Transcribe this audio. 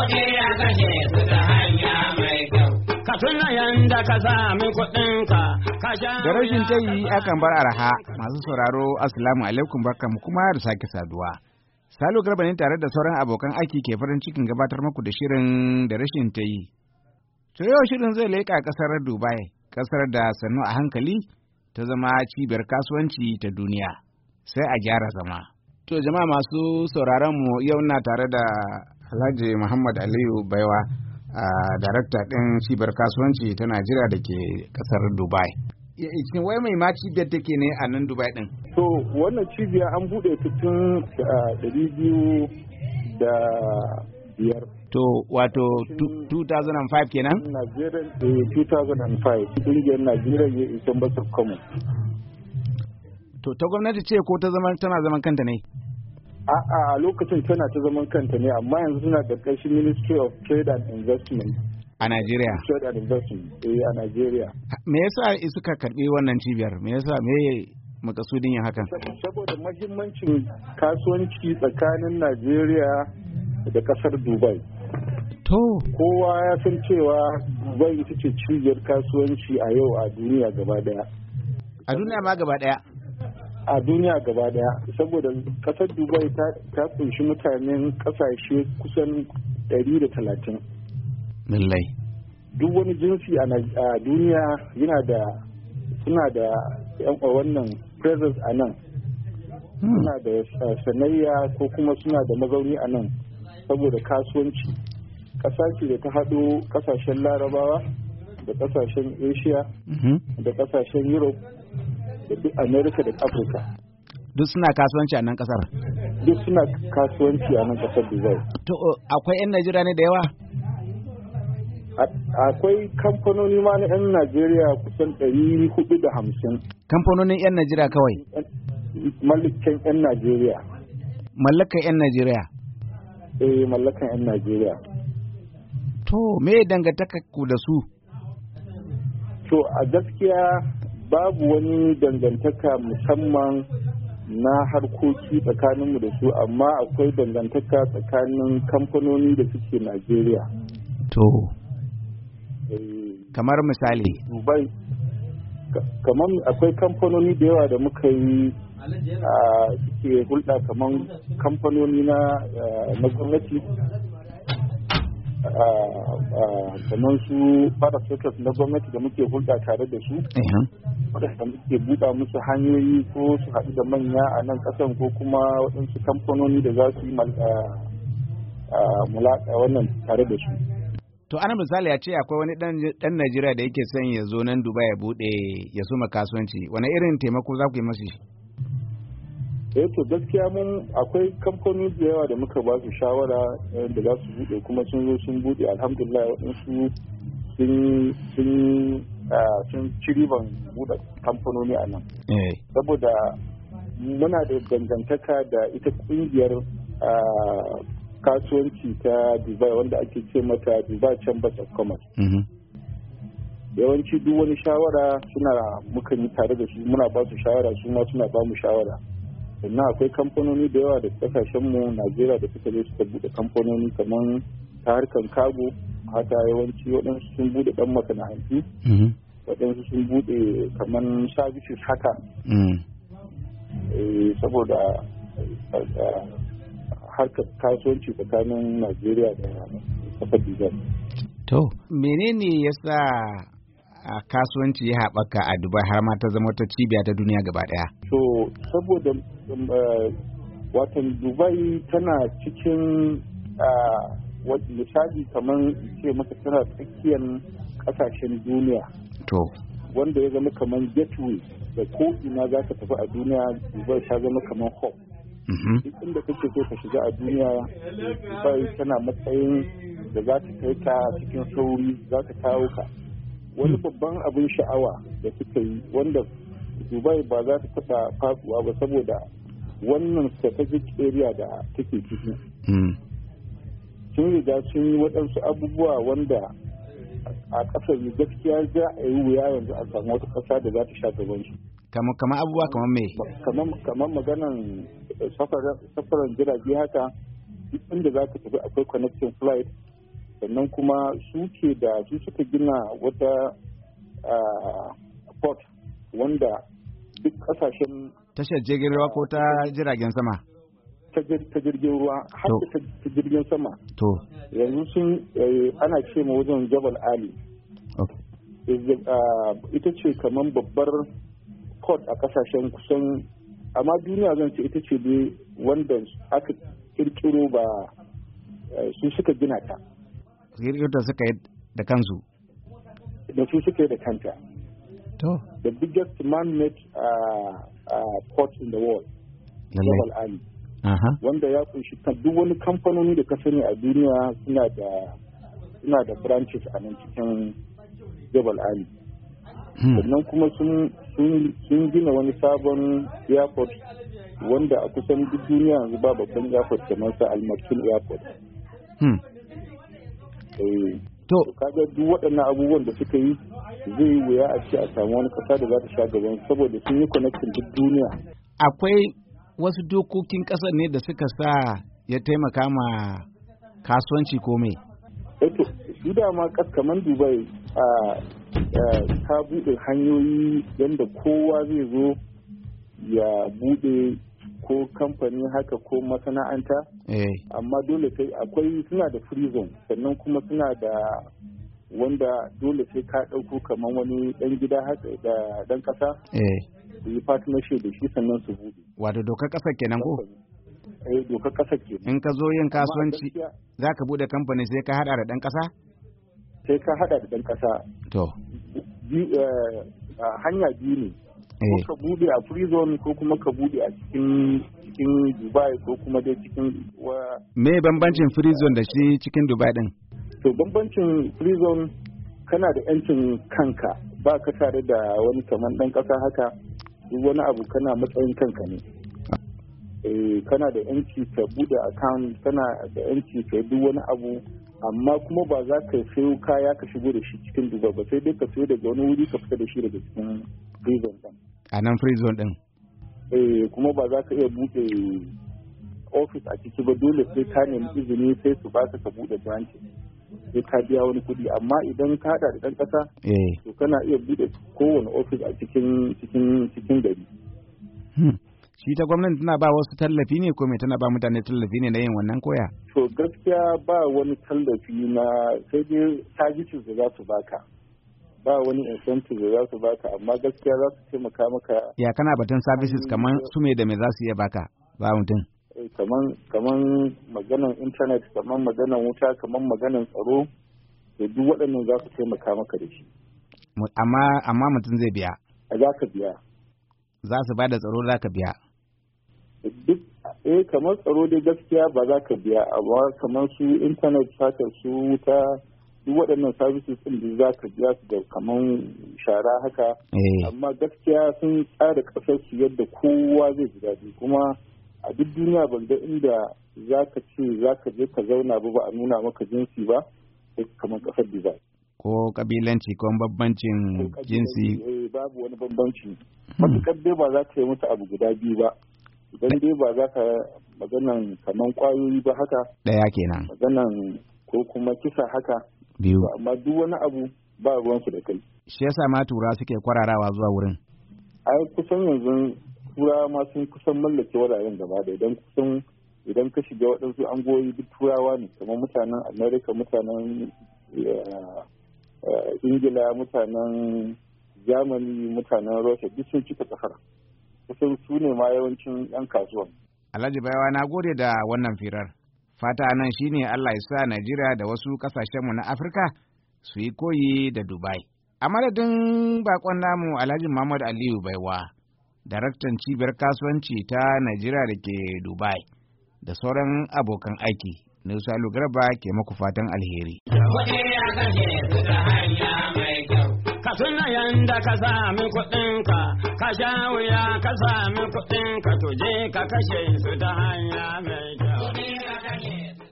kuɗi a kashe su ta hanya mai kyau. Ka tuna yanda ka sami kuɗinka. Da rashin tayi akan bar araha masu sauraro Assalamu alaikum barkamu kuma da sake saduwa. Salo Garba ne tare da sauran abokan aiki ke farin cikin gabatar muku da shirin da rashin tayi. To yau shirin zai leƙa ƙasar Dubai, ƙasar da sannu a hankali ta zama cibiyar kasuwanci ta duniya. Sai a gyara zama. To jama'a masu sauraron mu yau na tare da Alhaji Muhammad Aliyu Baiwa, a darakta ɗin cibiyar kasuwanci ta Najeriya da ke ƙasar Dubai. Shin wai mai ma cibiyar take ne a nan Dubai ɗin? So, wannan cibiya an buɗe ta tun ɗari biyu da biyar. To wato 2005 kenan? Nigerian eh, 2005 ƙungiyar Nigerian Youth Chambers of Commerce. To ta gwamnati ce ko ta zama tana zaman kanta ne? A'a a lokacin tana ta zaman kanta ne amma yanzu suna da ƙarshen Ministry of Trade and Investment. A Najeriya. Trade and Investment eh a Najeriya. Me yasa suka karbi wannan cibiyar? Me yasa me makasudin yin hakan? Saboda mahimmancin kasuwanci tsakanin Najeriya da kasar Dubai. To. Kowa ya san cewa Dubai ita ce cibiyar kasuwanci a yau a duniya gaba daya. A duniya ma gaba daya. a duniya gaba daya saboda kasar dubai ta kunshi mutanen kasashe kusan 130 lallai duk wani jinsi a duniya yana da suna da wannan presence a nan hmm. suna da sanayya ko kuma suna da mazauni a nan saboda kasuwanci ƙasashe da ta haɗo ƙasashen larabawa da ƙasashen asia mm-hmm. da ƙasashen europe da duk da afirka duk suna kasuwanci a nan kasar duk suna kasuwanci a nan kasar dubai to eh, akwai yan najeriya ne da yawa akwai kamfanoni ma na yan najeriya kusan ɗari da hamsin kamfanonin yan najeriya kawai mallakan yan najeriya mallakan yan najeriya eh mallakan yan najeriya to me dangantaka ku da su to a gaskiya babu wani dangantaka musamman na harkoki tsakaninmu da su amma akwai dangantaka tsakanin kamfanoni da suke najeriya to eh, kamar misali dubai kamar akwai kamfanoni da yawa da muka yi a suke hulɗa kamar kamfanoni na gwamnati kamar su fara na gwamnati da muke hulɗa tare da su waɗanda muke buɗa musu hanyoyi ko su haɗu da manya a nan ƙasan ko kuma waɗansu kamfanoni da za su yi mulaƙa wannan tare da su. To ana misali a ce akwai wani ɗan Najeriya da yake son ya zo nan Dubai ya buɗe ya suma kasuwanci wani irin taimako za ku yi masu shi? eh to gaskiya mun akwai kamfanoni da yawa da muka ba su shawara eh, da za su bude kuma sun zo sun bude alhamdulillah waɗansu sun Ah, sun ci riban buɗe kamfanoni a nan eh. saboda muna da dangantaka da ita ƙungiyar ah, kasuwanci ta dubai wanda ake ce mata dubai chambers of commerce mm-hmm. yawanci duk wani shawara suna muka yi tare da su muna ba su shawara su ma suna ba mu shawara sannan akwai kamfanoni da yawa da kasashen mu najeriya da suka je suka buɗe kamfanoni kamar ta harkar kago haka yawanci waɗansu sun buɗe ɗan masana'antu mm-hmm. waɗansu sun buɗe kamar services haka mm. eh, saboda eh, harkar kasuwanci tsakanin najeriya da kafar dijar to menene ya sa a kasuwanci ya haɓaka a dubai har ma ta zama ta cibiya ta duniya gaba ɗaya to saboda eh, watan dubai tana cikin ah, misali kamar ce maka tana tsakiyar kasashen duniya to wanda ya zama kamar gateway da ko ina za ka tafi a duniya dubai ta zama kamar hub mm-hmm. duk inda kake so ka shiga a duniya dubai tana matsayin da za ta kai ka cikin sauri za ta kawo ka wani mm. babban abin sha'awa da suka yi wanda dubai ba za ta taɓa faɗuwa ba saboda wannan strategic area da take ciki mm. sun riga sun yi waɗansu abubuwa wanda a ƙasar gaskiya za a yi wuya yanzu a samu wata ƙasa da za ta sha gaban shi. kamar abubuwa kamar me kamar maganan eh, safaran jirage haka inda za ka tafi akwai connecting flight sannan kuma su ke da su suka gina wata ah, port wanda duk kasashen tashar jirgin ruwa ko ta jiragen sama ta jirgin ruwa har da ta jirgin sama to yanzu sun eh, ana ce ma wajen jabal ali eh, ah, ita ce kamar babbar port a kasashen kusan amma duniya zan ce ita ce dai wanda aka kirkiro ba eh, su suka gina ta kirkiro suka yi da kansu da su suka yi da kanta the biggest man-made uh, ah, uh, ah, port in the world Jabal Ali wanda ya kunshi duk wani kamfanoni da ka sani a duniya suna da suna da branches a nan cikin jabal ali hmm. sannan kuma sun gina wani sabon airport wanda a kusan duk duniya yanzu ba babban airport kamar sa almarkin airport hmm. eh, to kaga duk waɗannan abubuwan da suka yi zai wuya a ce a samu wani ƙasa da za ta sha gaban saboda sun yi connecting duk duniya akwai wasu dokokin ƙasar ne da suka sa ya taimaka ma kasuwanci ko me? Eto, eh shi dama kaman Dubai a ta buɗe hanyoyi yadda kowa zai zo ya buɗe ko kamfani haka ko masana'anta. Eh. Amma dole sai akwai suna da freezone sannan kuma suna da wanda dole sai ka ɗauko kamar wani ɗan gida haka da ɗan ƙasa. Eh. su yi partnership da shi sannan su buɗe. Wato dokar ƙasar kenan ko? Eh dokar ƙasar kenan. In ka zo yin kasuwanci za ka buɗe kamfani sai ka haɗa da ɗan ƙasa? Sai ka haɗa da ɗan ƙasa. To. Eh, hanya biyu ne. Ko eh. ka buɗe a free zone ko kuma ka buɗe a cikin cikin Dubai ko kuma dai cikin. Me bambancin free zone da shi cikin Dubai ɗin? To bambancin free zone kana da 'yancin kanka ba ka tare da wani kaman ɗan ƙasa haka duk wani abu kana matsayin kanka ne eh, kana da yanci ka bude account kana da yanci ka duk wani abu amma kuma ba za ka sayo kaya ka shigo da shi cikin duba ba sai dai ka sayo daga wani wuri ka fita da shi daga cikin prison din a nan prison din eh kuma ba za ka iya bude office a ciki ba dole sai ka nemi izini sai su ba ka bude branch sai ka biya wani kuɗi amma idan ka haɗa da ɗan kasa eh. to kana iya buɗe kowane ofis a cikin cikin cikin gari. Hmm. Shi ta gwamnati tana ba wasu tallafi ne ko me tana ba mutane tallafi ne na yin wannan koya? To gaskiya ba wani tallafi na sai dai services da za su baka. ba wani incentive da za su baka amma gaskiya za su taimaka maka ya kana batun services kamar su me da me za su iya baka ba mutum kaman kaman maganan intanet kaman maganan wuta kaman maganan tsaro da duk waɗannan za su taimaka maka da shi amma amma mutum zai biya a za ka biya za su ba da tsaro za ka biya duk eh kamar tsaro dai gaskiya ba za ka biya amma kamar su intanet haka su wuta duk waɗannan services sun da za ka biya su da kamar shara haka eh. amma gaskiya sun tsara ƙasar su yadda kowa zai ji daɗi kuma a duk duniya ban ga inda za ka ce za ka je ka zauna ba ba a nuna maka jinsi ba kamar kasar Dubai. Ko kabilanci ko bambancin jinsi. Eh, babu wani bambanci. Hmm. matukar dai ba za ka yi mutu abu guda biyu ba. Idan dai ba za ka maganan kaman kwayoyi ba haka. Ɗaya kenan. Maganan ko kuma kisa haka. Biyu. Amma duk wani abu ba ruwansu da kai. Shi yasa ma tura suke kwararawa zuwa wurin. Ai kusan yanzu turawa ma sun kusan mallake wuraren gaba da idan kusan idan ka shiga waɗansu angoyi duk turawa ne kamar mutanen amerika mutanen eh, eh, ingila mutanen germany mutanen russia duk sun cika sahara kusan su ne ma yawancin yan kasuwan alhaji bayawa na gode da wannan firar fata nan shine allah ya sa najeriya da wasu kasashenmu na afirka su yi koyi da dubai a madadin bakon namu alhaji muhammad aliyu baiwa daraktan cibiyar kasuwanci ta Najeriya da ke Dubai, da sauran abokan aiki, Nusa Lugarba ke maku fatan alheri. Ka tuna yanda ka sami kuɗinka, ka sha wuya ka sami kuɗinka, to je ka kashe su ta hanya mai kyau.